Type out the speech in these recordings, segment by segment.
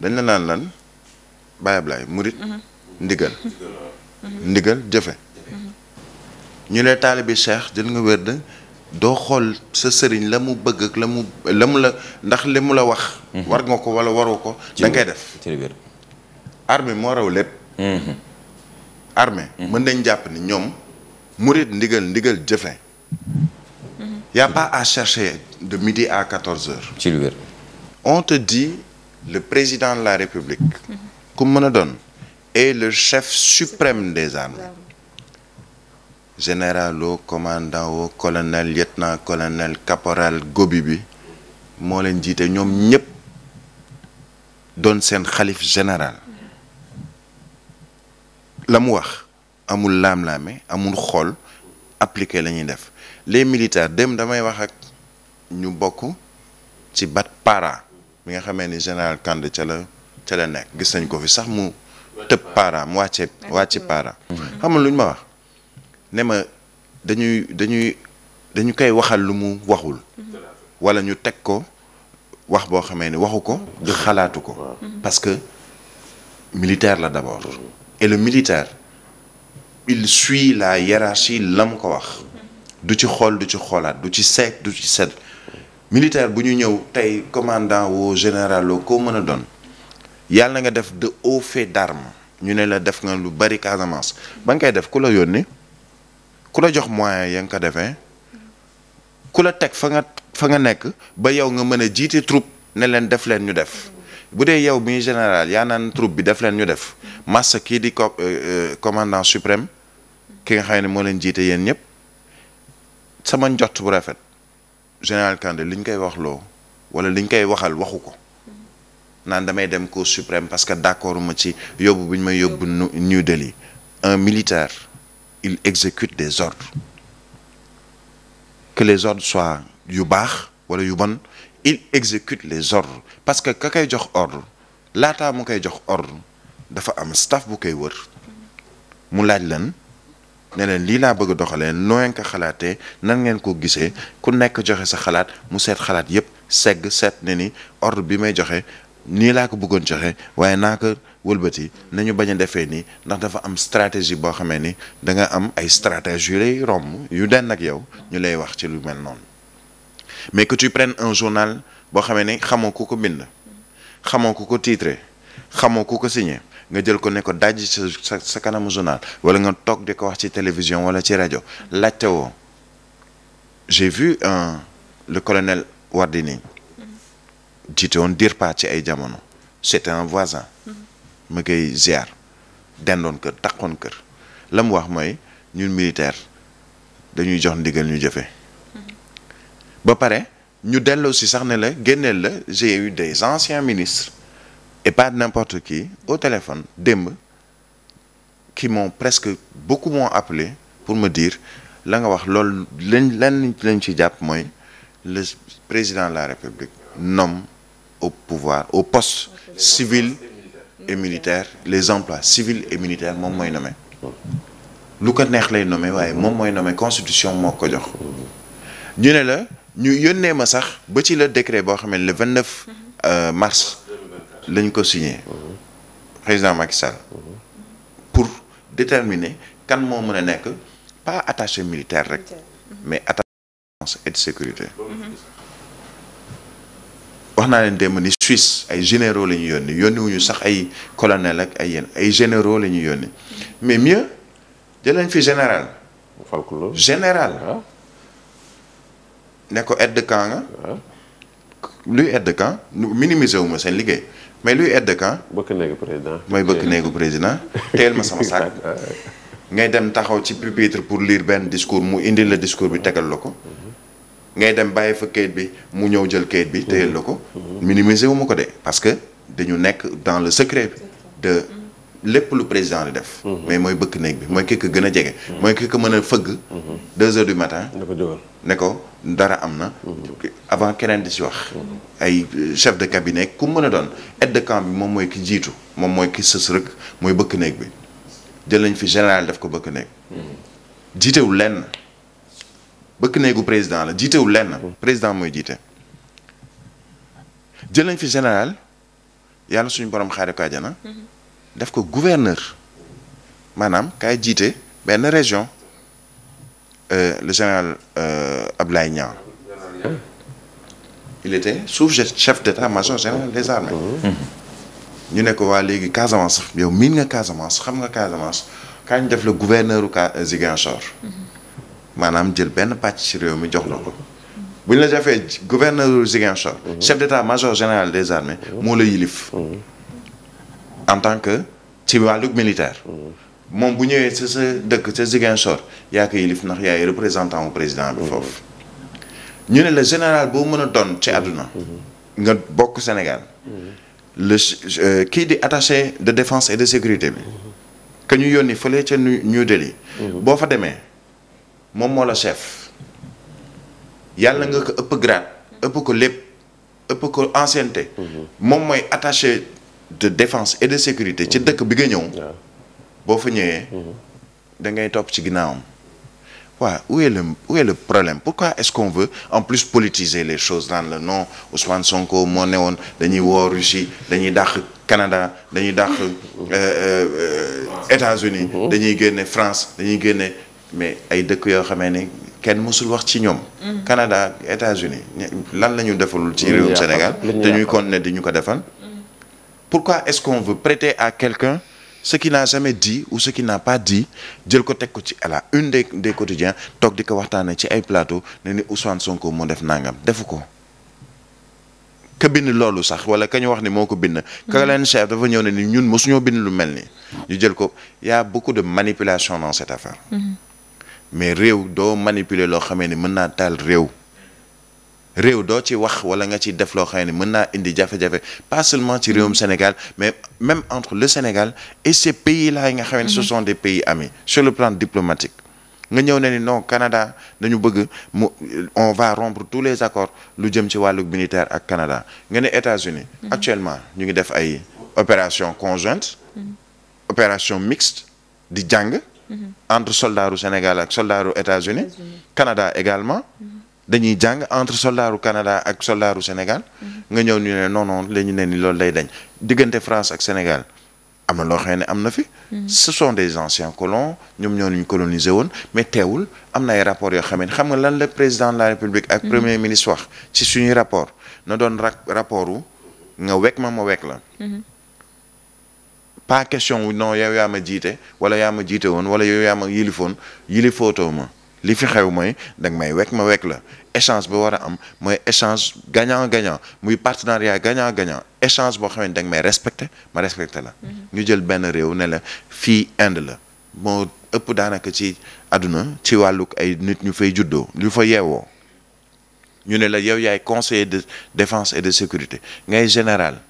dañ la naan lan Baye Ablaye murit mhm. ndigal mhm. Mhm. ndigal jëfe ñu lay taalibi cheikh jën nga wér de doo xool sa sëriñ la mu bëgg ak la mu la mu la mu la wax war nga ko wala waru ko da def armée moo raw lépp armée mën nañ jàpp ni ñoom murit ndigal ndigal jëfe y a pas à de midi à quatorze heures ci on te dit le président de la République ku mën a doon est le chef suprême des armées général o commandant o colonel lieutenant caporal gobi bi moo leen jiite ñoom ñëpp doon seen xalif général la mu wax amul laam-laame amul xool appliqué la ñuy def les militaires dem damay wax ak ñu bokk ci bat para bi nga xamee ni général kand ca la ca nekk gis nañ ko fi sax mu tëb para mu wàcce wàcce para xam lu ñu ma wax ne ma dañuy dañuy dañu koy waxal lu mu waxul wala ñu teg ko wax boo xamee ni waxu ko du xalaatu ko parce que militaire la d'abord et le militaire il suit la hiérarchie lam ko wax du ci xool du ci xoolaat du ci seet du ci seet militaire bu ñu ñëw tey commandant woo général loo koo mën a doon yàlla na nga def de haut fait d'arme ñu ne la def nga lu bari Casamance ba nga koy def ku la yoon ni ku la jox moyen ya nga ko defee ku la teg fa nga fa nga nekk ba yow nga mën a jiite troupe ne leen def leen ñu def bu dee yow muy général yaa naan troupe bi def leen ñu def massa kii di co euh, euh, commandant supreme ki nga xam ne moo leen jiite yéen ñëpp sama njot bu rafet. général Kandé li ñu koy wax loo wala li koy waxal waxu ko naan damay dem cour suprême parce que d'accord ma ci yóbbu bu ñu may yóbbu New Delhi un militaire il exécute des ordres que les ordres soient yu baax wala yu bon il exécute les ordres parce que ka koy jox ordre laataa mu koy jox ordre dafa am staff bu koy wër mu laaj leen ne leen lii laa bëgg a doxalee noo ngeen ko xalaatee nan ngeen ko gisee ku nekk joxe sa xalaat mu seet xalaat yépp segg seet ne ni ordre bi may joxe nii laa ko bëggoon joxe waaye naa ko wëlbati nañu bañ a defee nii ndax dafa am stratégie boo xamee ni da nga am ay stratégie yu lay romb yu den ak yow ñu lay wax ci lu mel noonu mais que tu prennes un journal boo xamee ni xamoo ku ko bind xamoo ku ko titré xamoo ku ko signé nga jël ko ne ko daj sa sa kanamu journal wala nga toog di ko wax ci télévision wala ci rajo laajte woo j'ai vu un le colonel Wardini jiite woon DIRPA ci ay jamono c'était un voisin ma koy ziar dendoon kër takkoon kër la mu wax mooy ñun militaire dañuy jox ndigal ñu jëfe ba pare ñu delloo si sax ne la génneel la j'ai eu des anciens ministres et pas n'importe qui au téléphone démb qui m'ont presque beaucoup m'ont appelé pour ma dire la nga wax lool lañ lan lañ ci jàpp mooy le président de la République nom au pouvoir au poste civil et militaire les emplois civils et militaires moom mooy nommé lu ko neex lay nommé waaye moom mooy nommé constitution moo ko jox ñu ne la ñu yónnee ma sax ba ci la décret boo xam ne le 29 euh, mars lañ ko signé président Macky Sall pour déterminer kan moo mën a nekk pas attaché militaire rek mais attaché et de sécurité wax naa leen démb ni Suisse ay généraux la ñuy yónni yónni sax ay colonel ak ay yenn ay généraux la ñuy yónni mais mieux jëlañ fi général général ah. ne ko aide de camp nga ah. luy aide de camp minimiser wu ma seen liggéey mais luy aide de camp. bëkk néegu président mooy bëkk néegu président teel ma sama sac ngay dem taxaw ci pupitre pour liir benn discours mu indi la discours bi tegal la ko. ngay dem bàyyi fa kayit bi mu ñëw jël kayit bi téyel la ko. minimiser wu ma ko de parce que dañu nekk dans le secret de lépp lu président di def. Mhm. mais mooy bëkk néeg bi mooy ki ko gën a jege. mooy ki ko mën a fëgg. 2 mhm. heures du matin. ne ko dara am na. Mhm. avant keneen di si wax. Mhm. ay euh, chef de cabinet ku mën a doon aide de bi moom mooy ki jiitu moom mooy ki sës rek mooy bëkk néeg bi jël nañ fi général def ko bëkk néeg. Mhm. jiitewul lenn bëkk néegu président la jiitewul lenn. président mooy jiite. jël nañ fi général yàlla suñu borom xaare ko def ko gouverneur maanaam kaay jiite benn région. Euh, le général euh, Ablaye Niang il était sous-chef d'état-major général des armées ñu ne waa léegi Casamance yow miin nga Casamance xam nga Casamance kañ def la gouverneur u euh, Ziguinchor maanaam jël benn pàcc ci réew mi jox la ko bu ñu la jafee gouverneur u Ziguinchor chef d'état-major général des armées moo la yilif en tant que ci wàllu militaire moom bu ñëwee sa sa dëkk sa Ziguinchor yaa ko yilif ndax yaay représentant wu président bi mm-hmm. foofu ñu ne la général boo mën a doon ci àdduna mm-hmm. nga bokk Sénégal mm-hmm. le euh, kii di attaché de défense et de sécurité bi que ñu yónni fële ca New Delhi boo fa demee moom moo la chef yàlla nga ko ëpp grade ëpp ko lépp ëpp ko ancienneté moom mooy attaché de défense et de sécurité ci dëkk bi nga ñëw boo fa ñëwee. Mhm. da ngay topp ci ginnaawam. waaw où est le problème pourquoi est-ce qu'on veut en plus politiser les choses dans le non Ousmane Sonko moo ne woon dañuy woo Russie dañuy dàq Canada dañuy dàq euh, euh, euh, États-Unis mhm. dañuy génne France dañuy génne mais ay dëkk yoo xamee ni kenn mësul wax ci ñoom mhm. Canada États-Unis lan lañu defalul ci réewum Sénégal te ñuy continuer di ñu ko defal pourquoi est-ce qu'on veut prêter à quelqu'un ce naa n'a jamais u sëkki ce qu'il n'a pas dit jël ko teg ko ci à la une des des quotidiens toog di ko waxtaanee ci ay plateau ne ni Ousmane Sonko moo def nangam defu ko. ka bind loolu sax wala ka wax ni moo ko bind. ka leen chef dafa ñëw na ni ñun mosuñoo bind lu mel ni ñu jël ko yaa a beaucoup de manipulation dans cette affaire. Mm-hmm. mais réew doo manipule loo xamee ni mën naa taal réew. réew doo ci wax wala nga ci def loo xam ne mën naa indi jafe-jafe pas seulement ci réewum mm. Sénégal mais même entre le Sénégal et ces pays là yi nga xam ne ce mm-hmm. sont des pays amis sur le plan diplomatique nga ñëw ne ni non Canada dañu bëgg mu on va rompre tous les accords lu jëm ci wàllu militaire ak Canada nga ne États-Unis mm-hmm. actuellement ñu ngi def ay opération conjointe mm-hmm. opération mixte di jàng entre soldaaru Sénégal ak soldaaru États-Unis Canada également dañuy jàng entre soldaaru Canada ak soldaaru Sénégal mhm. nga ñëw ñu ne non non lañu ne ni loolu day dañ diggante France ak Sénégal am na loo xam ne am na fi. Mhm. ce sont des anciens colons ñoom ñoo ñu colonisé woon mais teewul am na ay rapports yoo xam ne xam nga lan la président de la république. ak mhm. premier ministre wax ci suñuy rapport na doon ra rapport wu nga wekk ma ma wekk la. pas question wu non yow yaa ma jiite wala yaa ma jiite woon wala yow yaa ma ma. li fi xew mooy danga may wekk ma wekk la échange bi war a am mooy échange gagnant gagnant muy partenariat gagnant gagnant échange boo xamante danga may respecté ma respecté la. Mhm. ñu jël benn réew ne la fii Inde la moo ëpp daanaka ci àdduna ci wàllug ay nit ñu fay juddoo lu fa yeewoo ñu ne la yow yaay conseiller de défense et de sécurité ngay général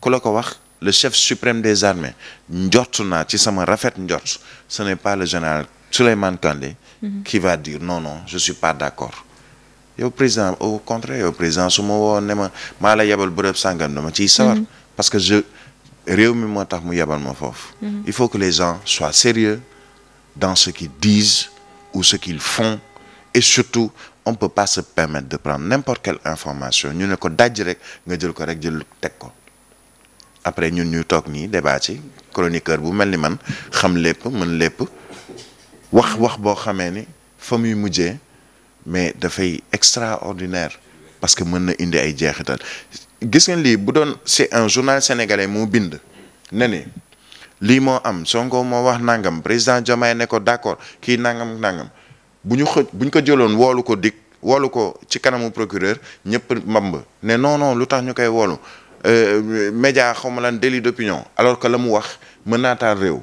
ku la ko wax. le chef suprême des armées njort naa ci sama rafet njort ce n'est pas le général Souleymane Kandé mhm. qui va dire non non je suis pas d'accord yow président au contraire yow président su ma woo ne ma maa la yebal bërëb sàngam dama ciy sawar mhm. parce que je réew mi moo tax mu yebal ma foofu mhm. il faut que les gens soient sérieux dans ce qu'ils disent ou ce qu'ils font et surtout on peut pas se permettre de prendre n'importe quelle information ñu ne ko dajj rek nga jël ko rek jël teg ko après ñun ñu toog nii débat ci chroniqueur bu mel ni man xam lépp mën lépp wax wax boo xamee ni fa muy mujjee mais dafay extraordinaire parce que mën na indi ay jeexital gis ngeen lii bu doon c'est un journal sénégalais moo bind ne ni lii moo am Sonko moo wax nangam président Diomaye ne ko d'accord kii nangam nangam bu ñu xë bu ñu ko jëloon woolu ko dikk woolu ko ci kanamu procureur ñëpp mbamb ne non lu tax ñu koy woolu euh, média xaw ma lan délit d'opinion alors que la mu wax mën naa taal réew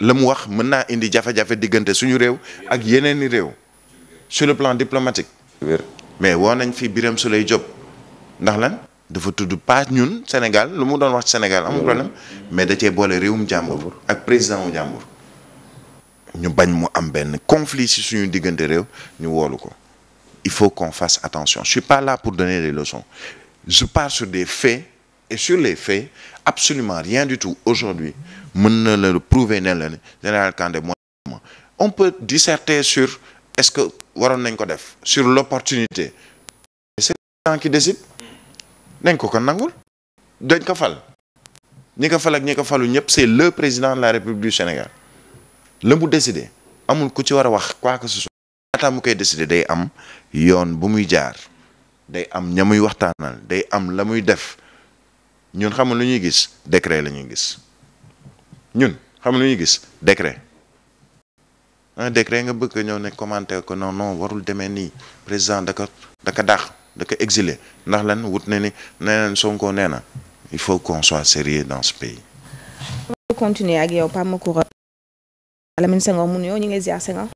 la mu wax mën naa indi jafe-jafe diggante suñu réew ak yeneen i réew su le plan diplomatique. mais woo nañ fi Birame Souleye Diop ndax la dafa tudd pas ñun Sénégal lu mu doon wax Sénégal amul problème mais da cee boole réewum jàmbur ak président wu jàmbur. ñu bañ mu am benn conflit ci suñu diggante réew ñu woolu ko il faut qu'on fasse attention je suis pas là pour donner des leçons je pars sur des faits. et sur les faits absolument rien du tout aujourd'hui mën na la prouver ne la ne général Kandé mooy on peut disserter sur est-ce que waroon nañ ko def sur l'opportunité c'est le temps qui décide dañ ko ko nangul dañ ko fal ñi ko fal ak ñi ko falu ñëpp se le président de la République du Sénégal la mu décidé amul ku ci war a wax quoi que ce soit laataa koy décidé day am yoon bu muy jaar day am ña muy waxtaanal day am la muy def ñun xamul lu ñuy gis décret la ñuy gis ñun xamul lu ñuy gis décret un décret nga bëgg ñëw ne commenté ko noonu non warul demee nii président da ko da ko dàq da ko exilé ndax lan wut na ni neneen Sonko nee na il faut qu'on soit sérieux dans ce pays. on va continuer ak yow Pape Makoura Lamine Senghor mu nuyoo ñu ngi ziar Senghor.